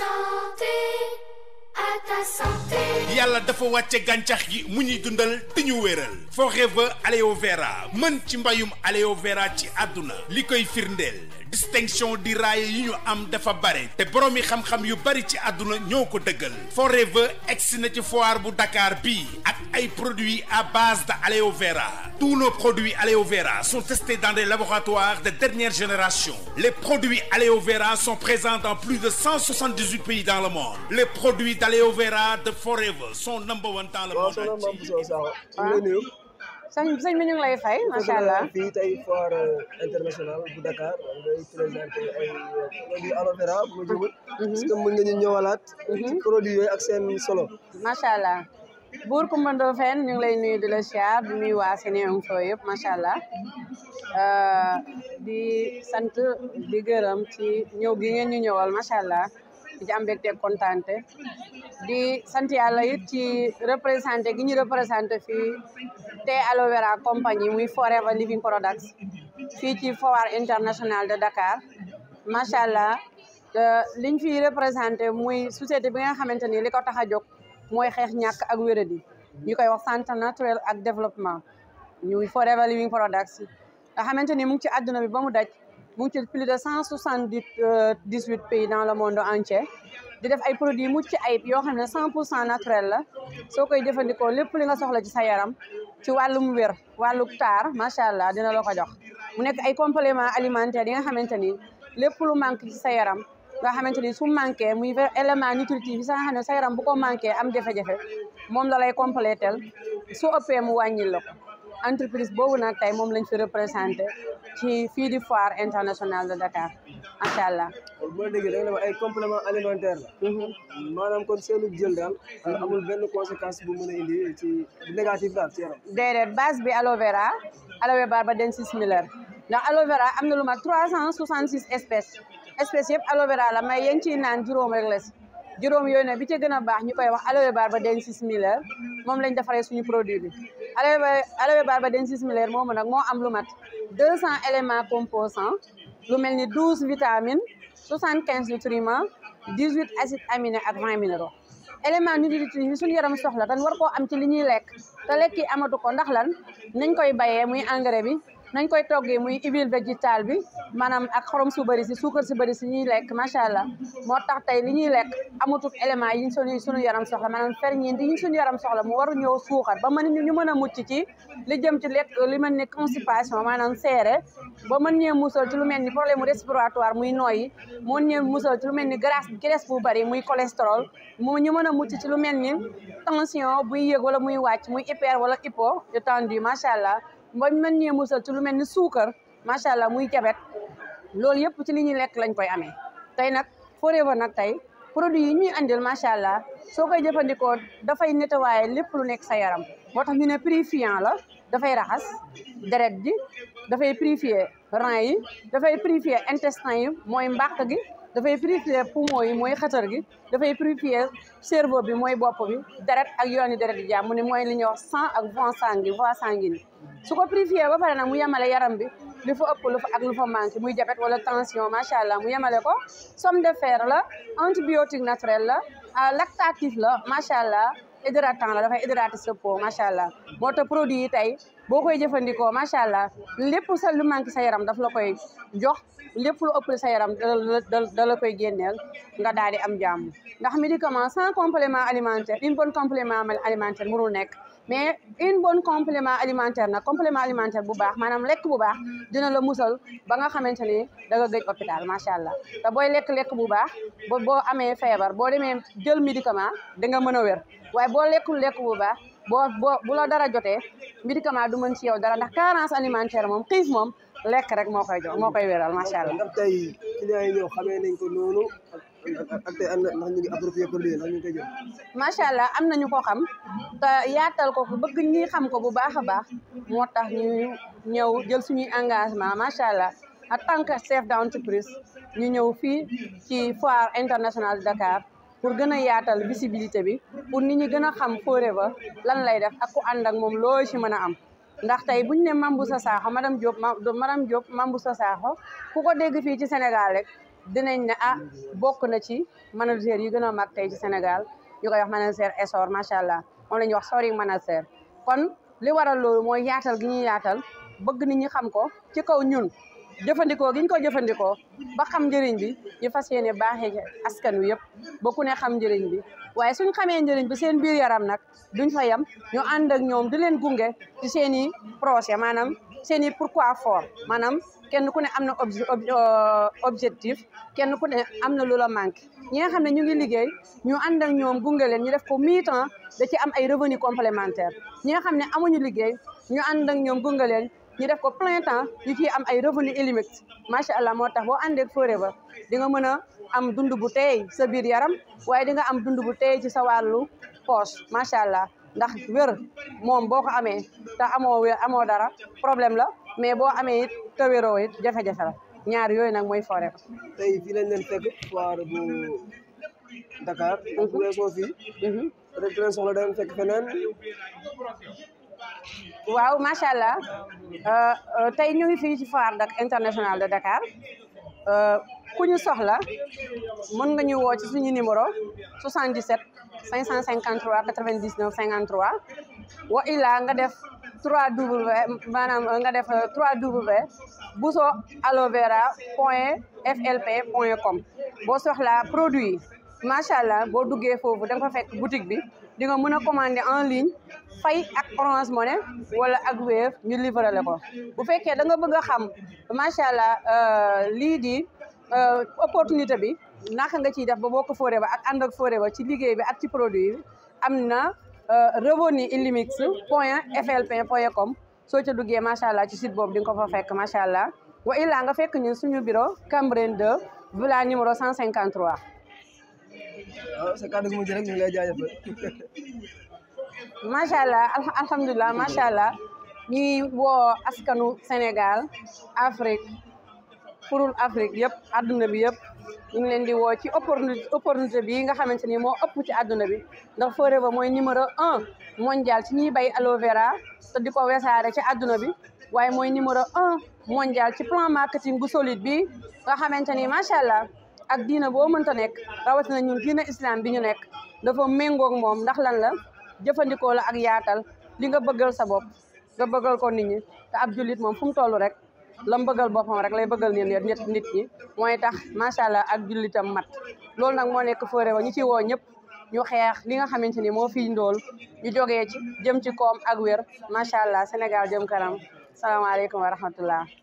chanter. yàlla dafa wàcce gàncax gi mu ñuy dundal te ñu wéeral Forever Aloe Vera mën ci mbayum aloe vera ci àdduna li koy firndeel distinction di raaye yi ñu am dafa bare te boroomi xam-xam yu bari ci àdduna ñoo ko dëggal Forever egsi na ci foire bu Dakar bi ak ay produits à base de aloe vera tous nos produits aloe vera sont testés dans des laboratoires de dernière génération les produits aloe vera sont présents dans plus de 178 pays dans le monde les produits d'aloe de Forever son number one dans le monde. waaw soxna ah. nuyu. sëñ sëñ bi ñu ngi lay fay macha allah. fii tey foire euh, internationale bu Dakar ngay présenté ay euh, produits aloe vera bu ma jubal. Mhm. est-ce que mën nga ñu ñëwalaat. Mhm. ci produits yooyu ak seen solo. macha allah. buur Coumba Ndoffène ñu ngi lay nuyu di la siyaar di nuyu waa Sénéinfo yëpp macha allah euh, di sant di gërëm ci ñëw gi ngeen ñu ñëwal macha allah di ci am mbégte kontaante di sant yàlla it ci représenté gi ñu représenté fii te aloe vera compagnie muy Forever Living Products fii ci foire international de Dakar macha allah liñ fi représenté muy société bi nga xamante ni li ko tax a jóg mooy xeex ñàkk ak wéradi ñu koy wax santé naturelle ak développement ñuy Forever Living Products nga xamante ni mu ci àdduna bi ba mu daj. mu ngi ci plus de cent soixante euh, dix huit pays dans le monde entier di def ay produits mucc ayib yoo xam ne cent pour cent naturel la soo koy jëfandikoo lépp li nga soxla ci sa yaram ci wàllum wér wàllu taar macha allah dina la ko jox mu nekk ay compléments alimentaire yi nga xamante ni lépp lu manque ci sa yaram nga xamante ni su manqué muy élément nutritif yi sax nga sa yaram bu ko manqué am jafe-jafe moom la lay complétel su ëppee mu wàññil la ko entreprise boobu nag tey moom lañ fi représenté ci fii di foire internationale de Dakar macha allah. kon boo déggee da nga def ay compléments alimentaires la. Mhm. maanaam kon seenu jël daal. Mhm. amul benn conséquence bu mën a ci négatif daal ci yaram. base bi aloe vera aloe ba den six mille ndax aloe vera am na lu ma trois cent soixante six espèces espèces yëpp aloe la may yéen ciy naan juróom rek la juróom yooyu nag bi ci gën a baax ñu koy wax ba barba densis miller moom lañ defaree suñu produit bi aloe aloe barba densis miller moomu nag moo am lu mat deux cent éléments composants lu mel ni douze vitamines soixante quinze nutriments dix huit acides aminés ak vingt minéraux élément nutritif yi suñu yaram soxla tan war koo am ci li ñuy lekk te lekk yi amatu ko ndax lan nañ koy bayee muy engrais bi nañ koy toggee muy huile végétale bi maanaam ak xorom su bari si suukar si bëri si ñuy lekk macha allah moo tax tey li ñuy lekk amatul élément yi suñu suñu yaram soxla maanaam ferñeent yi suñu yaram soxla mu waru ñëw suukar ba man ñu mën a mucc ci li jëm ci li mel ni constipation maanaam seere ba mën ñee musal ci lu mel ni problème respiratoire muy nooyi mën ñee musal ci lu mel ni graisse graisse bu bëri muy cholestérol mu ñu mën a mucc ci lu mel ni tension buy yëg wala muy wàcc muy hyper wala hypo étendu macha allah bañ mën ñee musal ci lu mel ni suukar macha allah muy jabet loolu yëpp ci li ñuy lekk lañ koy amee tey nag forever nag tey produit yi ñuy andil macha allah soo koy jëfandikoo dafay nettoyer lépp lu nekk sa yaram moo tax ñu ne purifiant la dafay raxas deret ji dafay purifier rein yi dafay purifier intestin yi mooy mbàq gi dafay purifier poumon yi mooy xatar gi dafay purifier cerveau bi mooy bopp bi deret ak yooni deret yi jàmm mu ne mooy li ñuy wax sang ak voie sanguine voie sanguine su ko purifier ba pare nag mu yemale yaram bi lu fa ëpp lu fa ak lu fa manqué muy diabète wala tension macha allah mu yemale ko somme de fer la antibiotique naturel la ah, lactatif la macha allah hydratant la dafay hydrater sa macha allah moo produit yi tey boo koy jëfandikoo macha allah lépp sa lu manqué sa yaram daf la koy jox lépp lu ëpp sa yaram da la koy génneel nga daal di am jàmm ndax médicament sans complément alimentaire une bonne complément alimentaire mënul nekk mais une bonne complément alimentaire nag complément alimentaire bu baax maanaam lekk bu baax dina la musal ba nga xamante ni da nga gëj hôpital allah te booy lekk-lekk bu baax boo amee feebar boo demee jël médicament da nga mën a wér waaye bu baax boo boo bu la dara jotee médicament du man ci yow dara ndax carence alimentaire moom xiif moom lekk rek moo koy jox moo koy wéral macha allah. ndax tey client yi ñëw ko noonu ak tey am na ñu ngi approprié macha allah am na ñu ko xam te yaatal ko bëgg ñi xam ko bu baax a baax moo tax ñu ñëw jël suñuy engagement macha allah en tant que chef entreprise ñu ñëw fii ci foire internationale Dakar. pour gën a yaatal visibilité bi pour nit ñi gën a xam Forever lan lay def ak ku ànd ak moom loo ci mën a am ndax tey buñu ne Mambusa Sakho madame Diop madame Diop sa Sakho ku ko dégg fii ci Sénégal rek dinañ ne ah bokk na ci manager yi gën a mag tey ci Sénégal ñu koy wax manager Essor macha allah moom la ñuy wax soaring manager kon li waral loolu mooy yaatal gi ñuy yaatal bëgg nit ñi xam ko ci kaw ñun jëfandikoo gi ñu ko jëfandikoo ba xam njëriñ bi ñu fas yéene baaxe askan wi yëpp ba ku ne xam njëriñ bi waaye suñ xamee njëriñ bi seen biir yaram nag duñ fa yem ñu ànd ak ñoom di leen gunge ci seen i projet maanaam seen i pourquoi fort maanaam kenn ku ne am na euh, objectif kenn ku ne am na lu la manqué ñi nga xam ne ñu ngi liggéey ñu ànd ak ñoom gunge leen ñu def ko mi-temps da ci am ay revenu complémentaire ñi nga xam ne amuñu liggéey ñu ànd ak ñoom gunge leen ñu def ko plein temps di ciy am ay revenu illimité macha allah moo tax boo àndee Forever di nga mën a am dund bu teey sa biir yaram waaye di nga am dund bu teey ci sa wàllu poos macha allah ndax wér moom boo ko amee te amoo wér amoo dara problème la mais boo amee it te wéroo jafe-jafe la ñaar yooyu nag mooy Forever. tey fii lañ leen fekk foire bu Dakar. bu mhm. mhm. feneen. waaw macha allah euh, euh, tey ñu ngi fii ci foire internationale de Dakar euh, ku ñu soxla mën nga ñu woo ci suñu numéro 77 553 99 53 wa illa nga def 3W maanaam nga def 3W buso aloe vera point flp point com boo soxla produit macha allah boo duggee foofu da nga fa fekk boutique bi. di nga mën a commander en ligne fay ak Orange Money wala ak Wave ñu livré la ko bu fekkee da nga bëgg a xam macha allah euh, lii di euh, opportunité bi naka nga ciy def ba bokk Forever ak ànd ak Forever ci liggéey bi ak ci produit bi am na euh, revenu illimix point flp point com soo ca duggee macha allah ci site boob di nga ko fa fekk macha allah wa illaa nga fekk ñun suñu bureau Cambérène de villa numéro 153. waaw ah, sa kàddu gu mujj rek ñu ngi macha allah alhamdulilah macha allah ñuy woo askanu Sénégal Afrique kurul Afrique yëpp adduna bi yëpp ñu ngi leen di woo ci opportunité bi nga xamante ni moo ëpp ci adduna bi ndax Forever mooy numéro un mondial ci ñuy bay aloe te di ko wesaare ci adduna bi waaye mooy numéro un mondial ci plan marketing bu solide bi nga xamante ni macha allah. ak diina boo mënta nekk rawatina ñun diina islam bi ñu nekk dafa méngoog moom ndax lan la jëfandikoo la ak yaatal li nga bëggal sa bopp nga bëggal ko nit ñi te ab jullit moom fu mu toll rek lam bëggal boppam rek lay bëggal nit ñett nit ñi mooy tax macha allah ak jullitam mat loolu nag moo nekk fóore wa ñu ci woo ñëpp ñu xeex li nga xamante ni moo fiy ndóol ñu jógee ci jëm ci koom ak weer macha allah Sénégal jëm kanam salaamaaleykum wa rahmatullah